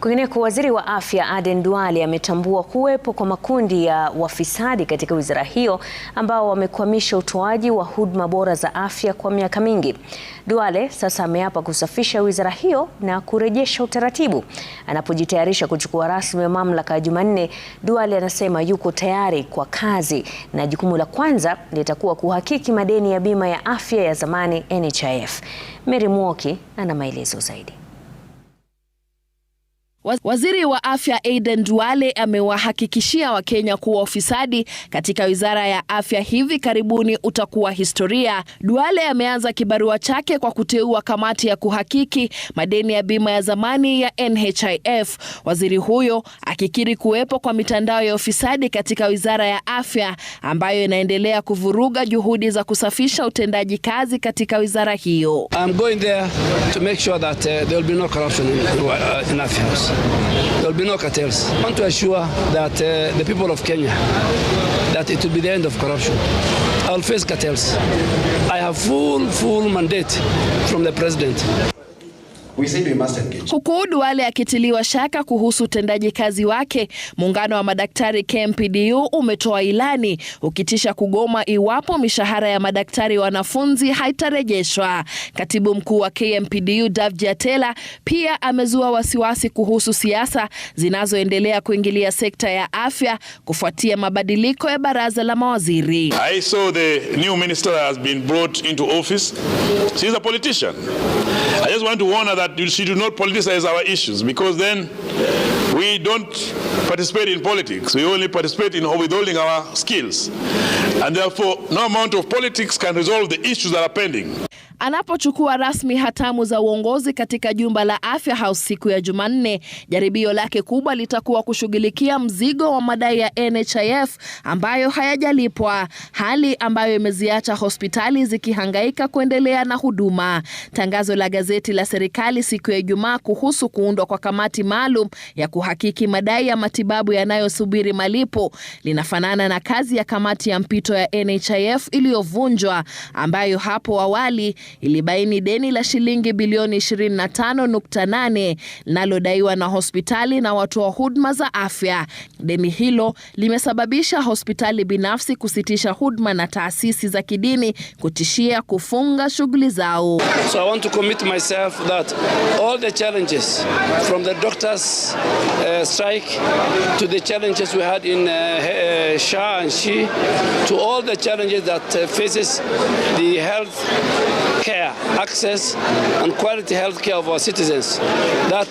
Kwingineko, waziri wa afya Aden Duale ametambua kuwepo kwa makundi ya wafisadi katika wizara hiyo ambao wamekwamisha utoaji wa huduma bora za afya kwa miaka mingi. Duale sasa ameapa kusafisha wizara hiyo na kurejesha utaratibu. Anapojitayarisha kuchukua rasmi mamlaka ya Jumanne, Duale anasema yuko tayari kwa kazi na jukumu la kwanza litakuwa kuhakiki madeni ya bima ya afya ya zamani NHIF. Mary Mwoki ana maelezo zaidi. Waziri wa afya Aden Duale amewahakikishia Wakenya kuwa ufisadi katika wizara ya afya hivi karibuni utakuwa historia. Duale ameanza kibarua chake kwa kuteua kamati ya kuhakiki madeni ya bima ya zamani ya NHIF, waziri huyo akikiri kuwepo kwa mitandao ya ufisadi katika wizara ya afya ambayo inaendelea kuvuruga juhudi za kusafisha utendaji kazi katika wizara hiyo. I'm going there to make sure that, uh, there will be no corruption in, uh, in There will be no cartels. I want to assure that uh, the people of Kenya that it will be the end of corruption. I'll face cartels. I have full, full mandate from the president. Huku Duale akitiliwa shaka kuhusu utendaji kazi wake, muungano wa madaktari KMPDU umetoa ilani ukitisha kugoma iwapo mishahara ya madaktari wanafunzi haitarejeshwa. Katibu mkuu wa KMPDU Davji Atela pia amezua wasiwasi kuhusu siasa zinazoendelea kuingilia sekta ya afya kufuatia mabadiliko ya baraza la mawaziri. I saw the new minister has been brought into office. She is a politician just want to warn her that she do not politicize our issues because then we don't participate in politics. We only participate in withholding our skills. And therefore, no amount of politics can resolve the issues that are pending. Anapochukua rasmi hatamu za uongozi katika jumba la Afya House siku ya Jumanne, jaribio lake kubwa litakuwa kushughulikia mzigo wa madai ya NHIF ambayo hayajalipwa, hali ambayo imeziacha hospitali zikihangaika kuendelea na huduma. Tangazo la gazeti la serikali siku ya Ijumaa kuhusu kuundwa kwa kamati maalum ya kuhakiki madai ya matibabu yanayosubiri malipo linafanana na kazi ya kamati ya mpito ya NHIF iliyovunjwa ambayo hapo awali ilibaini deni la shilingi bilioni 25.8 linalodaiwa na hospitali na watoa wa huduma za afya. Deni hilo limesababisha hospitali binafsi kusitisha huduma na taasisi za kidini kutishia kufunga shughuli zao. So I want to commit myself that all the challenges from the doctors uh, strike to the challenges we had in uh, uh, Sha and SHE to all the challenges that uh, faces the health care, access and quality health care of our citizens. That